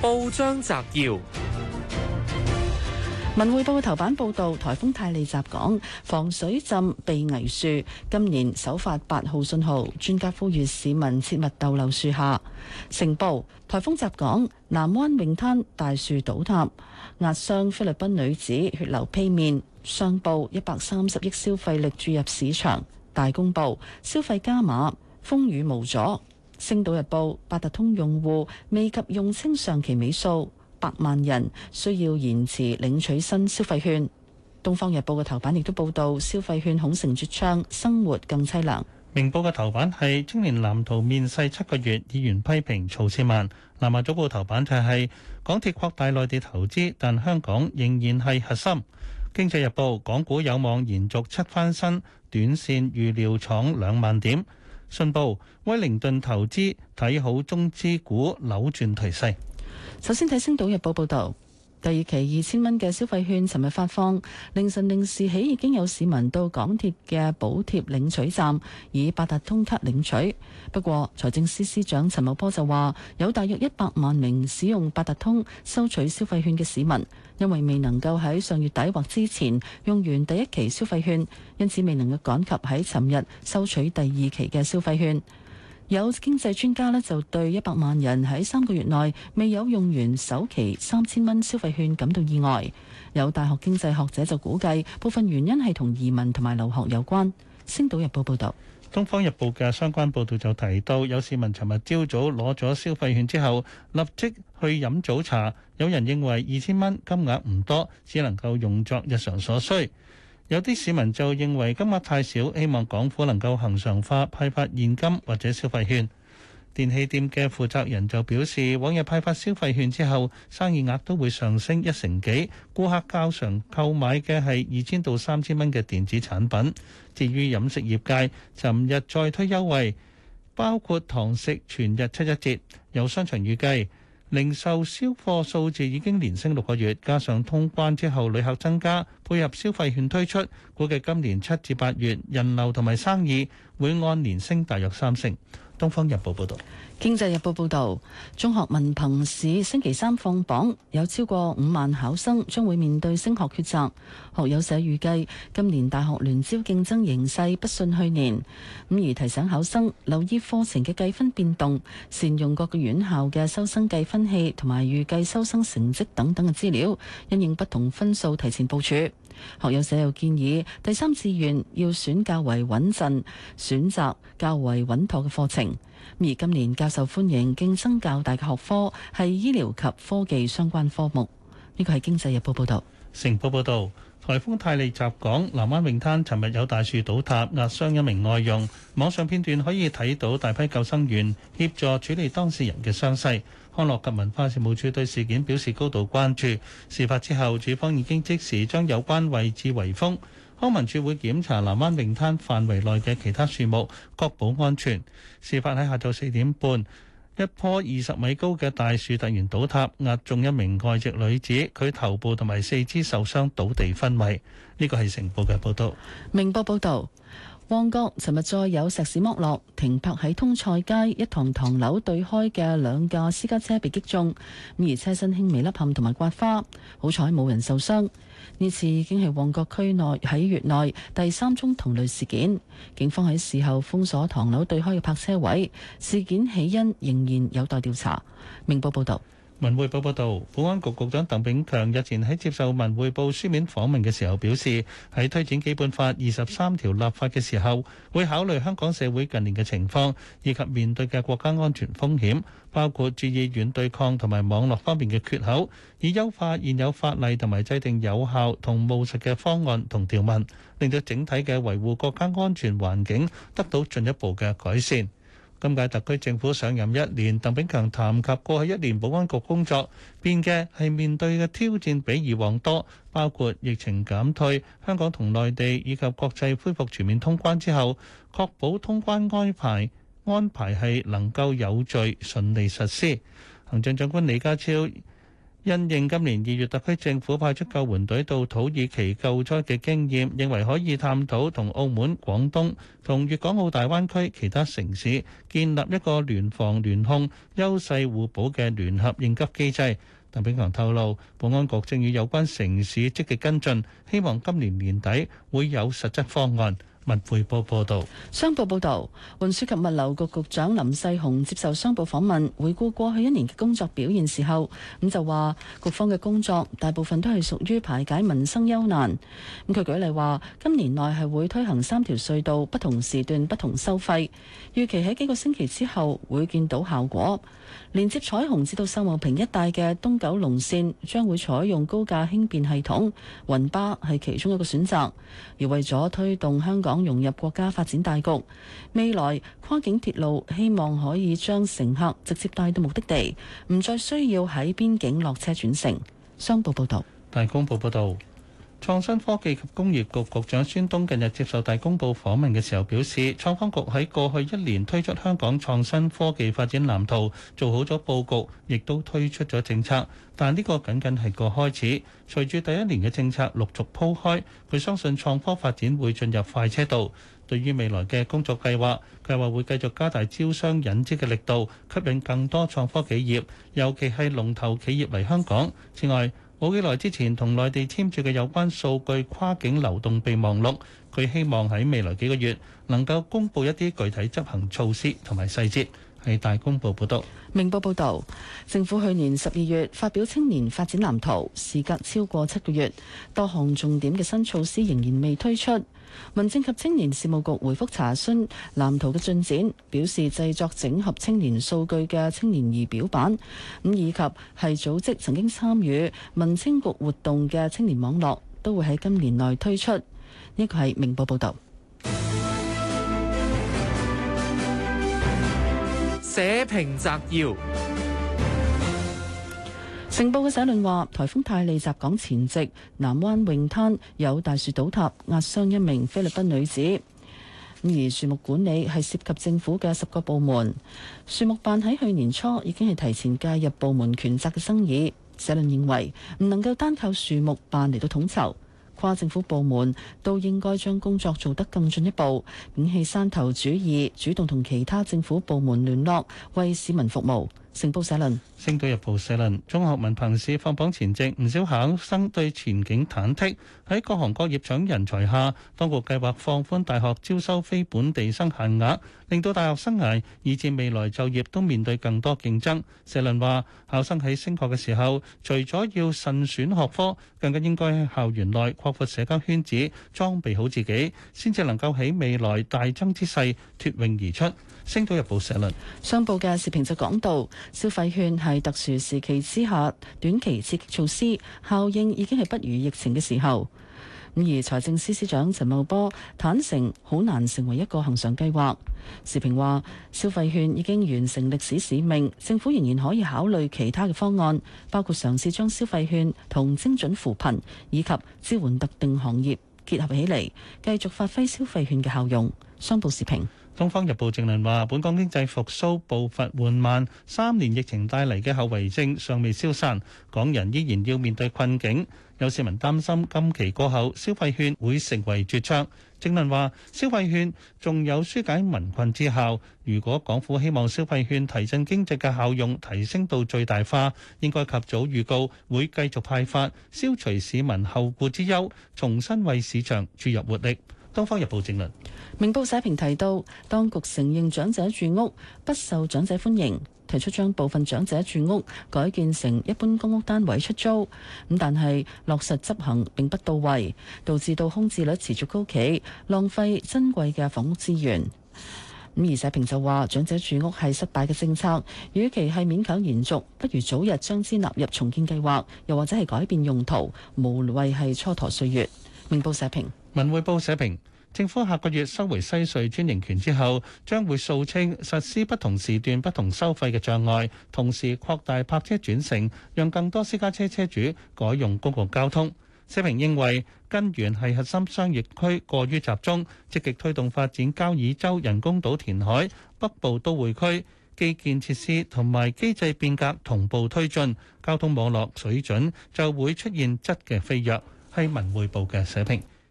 .報章摘要：《文匯報》嘅頭版報道台風泰利襲港，防水浸避危樹，今年首發八號信號，專家呼籲市民切勿逗留樹下。成報：台風襲港，南灣泳灘大樹倒塌，壓傷菲律賓女子，血流披面。商報：一百三十億消費力注入市場。大公報：消費加碼，風雨無阻。《星島日報》八達通用戶未及用清上期尾數，百萬人需要延遲領取新消費券。《東方日報》嘅頭版亦都報道消費券恐成絕唱，生活更淒涼。《明報》嘅頭版係青年藍圖面世七個月，議員批評措施慢。《南華早報》頭版就係港鐵擴大內地投資，但香港仍然係核心。《經濟日報》港股有望延續七翻身，短線預料闖兩萬點。信報威靈頓投資睇好中資股，扭轉頹勢。首先睇《星島日報，報道》報導。第二期二千蚊嘅消費券，尋日發放，凌晨零時起已經有市民到港鐵嘅補貼領取站以八達通卡領取。不過，財政司司長陳茂波就話，有大約一百萬名使用八達通收取消費券嘅市民，因為未能夠喺上月底或之前用完第一期消費券，因此未能夠趕及喺尋日收取第二期嘅消費券。有經濟專家咧就對一百萬人喺三個月內未有用完首期三千蚊消費券感到意外。有大學經濟學者就估計部分原因係同移民同埋留學有關。星島日報報道，《東方日報》嘅相關報導就提到，有市民尋日朝早攞咗消費券之後，立即去飲早茶。有人認為二千蚊金額唔多，只能夠用作日常所需。有啲市民就認為金額太少，希望港府能夠恒常化派發現金或者消費券。電器店嘅負責人就表示，往日派發消費券之後，生意額都會上升一成幾，顧客較常購買嘅係二千到三千蚊嘅電子產品。至於飲食業界，尋日再推優惠，包括堂食全日七一折。有商場預計零售銷貨數字已經連升六個月，加上通關之後旅客增加。配合消費券推出，估計今年七至八月人流同埋生意會按年升大約三成。《東方日報》報導，《經濟日報》報導，中學文憑試星期三放榜，有超過五萬考生將會面對升學抉擇。學友社預計今年大學聯招競爭形勢不遜去年，咁而提醒考生留意課程嘅計分變動，善用各個院校嘅收生計分器同埋預計收生成績等等嘅資料，因應不同分數提前部署。學友社又建議，第三志願要選較為穩陣，選擇較為穩妥嘅課程。而今年較受歡迎、競爭較大嘅學科係醫療及科技相關科目。呢個係經濟日報報導。成報報導，颱風泰利襲港，南灣泳灘尋日有大樹倒塌壓傷一名外傭。網上片段可以睇到大批救生員協助處理當事人嘅傷勢。康樂及文化事務處對事件表示高度關注。事發之後，處方已經即時將有關位置圍封。康文署會檢查南灣泳灘範圍內嘅其他樹木，確保安全。事發喺下晝四點半。一棵二十米高嘅大樹突然倒塌，壓中一名外籍女子，佢頭部同埋四肢受傷，倒地昏迷。呢個係成報嘅報道，明報報道。旺角，尋日再有石屎剝落，停泊喺通菜街一幢唐樓對開嘅兩架私家車被擊中，而車身輕微凹陷同埋刮花，好彩冇人受傷。呢次已經係旺角區內喺月內第三宗同類事件。警方喺事後封鎖唐樓對開嘅泊車位，事件起因仍然有待調查。明報報道。文匯報報道，保安局局長鄧炳強日前喺接受文匯報書面訪問嘅時候表示，喺推展基本法二十三條立法嘅時候，會考慮香港社會近年嘅情況，以及面對嘅國家安全風險，包括注意軟對抗同埋網絡方面嘅缺口，以優化現有法例同埋制定有效同務實嘅方案同條文，令到整體嘅維護國家安全環境得到進一步嘅改善。今屆特區政府上任一年，鄧炳強談及過去一年保安局工作，變嘅係面對嘅挑戰比以往多，包括疫情減退、香港同內地以及國際恢復全面通關之後，確保通關安排，安排係能夠有序順利實施。行政長官李家超。因應今年二月特區政府派出救援隊到土耳其救災嘅經驗，認為可以探討同澳門、廣東同粵港澳大灣區其他城市建立一個聯防聯控、優勢互補嘅聯合應急機制。鄧炳強透露，保安局正與有關城市積極跟進，希望今年年底會有實質方案。文匯報報道，商報報道，運輸及物流局局長林世雄接受商報訪問，回顧過去一年嘅工作表現時候，咁就話，局方嘅工作大部分都係屬於排解民生憂難。咁佢舉例話，今年內係會推行三條隧道不同時段不同收費，預期喺幾個星期之後會見到效果。連接彩虹至到秀茂坪一帶嘅東九龍綫將會採用高價輕便系統，雲巴係其中一個選擇，而為咗推動香港。港融入國家發展大局，未來跨境鐵路希望可以將乘客直接帶到目的地，唔再需要喺邊境落車轉乘。商報報道。大公報報道。創新科技及工業局局長孫東近日接受《大公報》訪問嘅時候表示，創科局喺過去一年推出香港創新科技發展藍圖，做好咗佈局，亦都推出咗政策，但呢個僅僅係個開始。隨住第一年嘅政策陸續鋪開，佢相信創科發展會進入快車道。對於未來嘅工作計劃，計劃會繼續加大招商引資嘅力度，吸引更多創科企業，尤其係龍頭企業嚟香港。此外，冇幾耐之前，同內地簽署嘅有關數據跨境流動備忘錄，佢希望喺未來幾個月能夠公佈一啲具體執行措施同埋細節。係大公報報道，明報報道，政府去年十二月發表青年發展藍圖，事隔超過七個月，多項重點嘅新措施仍然未推出。民政及青年事務局回覆查詢藍圖嘅進展，表示製作整合青年數據嘅青年儀表板，咁以及係組織曾經參與民青局活動嘅青年網絡，都會喺今年內推出。呢、這個係明報報道。社評摘要：《成報》嘅社論話，台風泰利襲港前夕，南灣泳灘有大樹倒塌，壓傷一名菲律賓女子。而樹木管理係涉及政府嘅十個部門，樹木辦喺去年初已經係提前介入部門權責嘅生意。社論認為唔能夠單靠樹木辦嚟到統籌，跨政府部門都應該將工作做得更進一步，摒棄山頭主義，主動同其他政府部門聯絡，為市民服務。成報社論：星島日報社論，中學文憑試放榜前夕，唔少考生對前景忐忑。喺各行各業搶人才下，當局計劃放寬大學招收非本地生限額，令到大學生涯以至未來就業都面對更多競爭。社論話，考生喺升學嘅時候，除咗要慎選學科，更加應該喺校園內擴闊社交圈子，裝備好自己，先至能夠喺未來大爭之勢脱穎而出。星島日報社論，商報嘅時評就講到，消費券喺特殊時期之下短期刺激措施，效應已經係不如疫情嘅時候。咁而財政司司長陳茂波坦承，好難成為一個恒常計劃。時評話，消費券已經完成歷史使命，政府仍然可以考慮其他嘅方案，包括嘗試將消費券同精準扶貧以及支援特定行業結合起嚟，繼續發揮消費券嘅效用。商報時評。《東方日報》正論話：本港經濟復甦步伐緩慢，三年疫情帶嚟嘅後遺症尚未消散，港人依然要面對困境。有市民擔心今期過後消費券會成為絕唱。正論話：消費券仲有疏解民困之效。如果港府希望消費券提振經濟嘅效用提升到最大化，應該及早預告會繼續派發，消除市民後顧之憂，重新為市場注入活力。《東方日報》政論，明報社評提到，當局承認長者住屋不受長者歡迎，提出將部分長者住屋改建成一般公屋單位出租，咁但係落實執行並不到位，導致到空置率持續高企，浪費珍貴嘅房屋資源。咁而社評就話，長者住屋係失敗嘅政策，與其係勉強延續，不如早日將之納入重建計劃，又或者係改變用途，無謂係蹉跎歲月。明報社評。文匯報社評：政府下個月收回西隧專營權之後，將會掃清實施不同時段不同收費嘅障礙，同時擴大泊車轉乘，讓更多私家車車主改用公共交通。社評認為，根源係核心商業區過於集中，積極推動發展交椅洲人工島填海、北部都會區基建設施同埋機制變革同步推進，交通網絡水準就會出現質嘅飛躍。係文匯報嘅社評。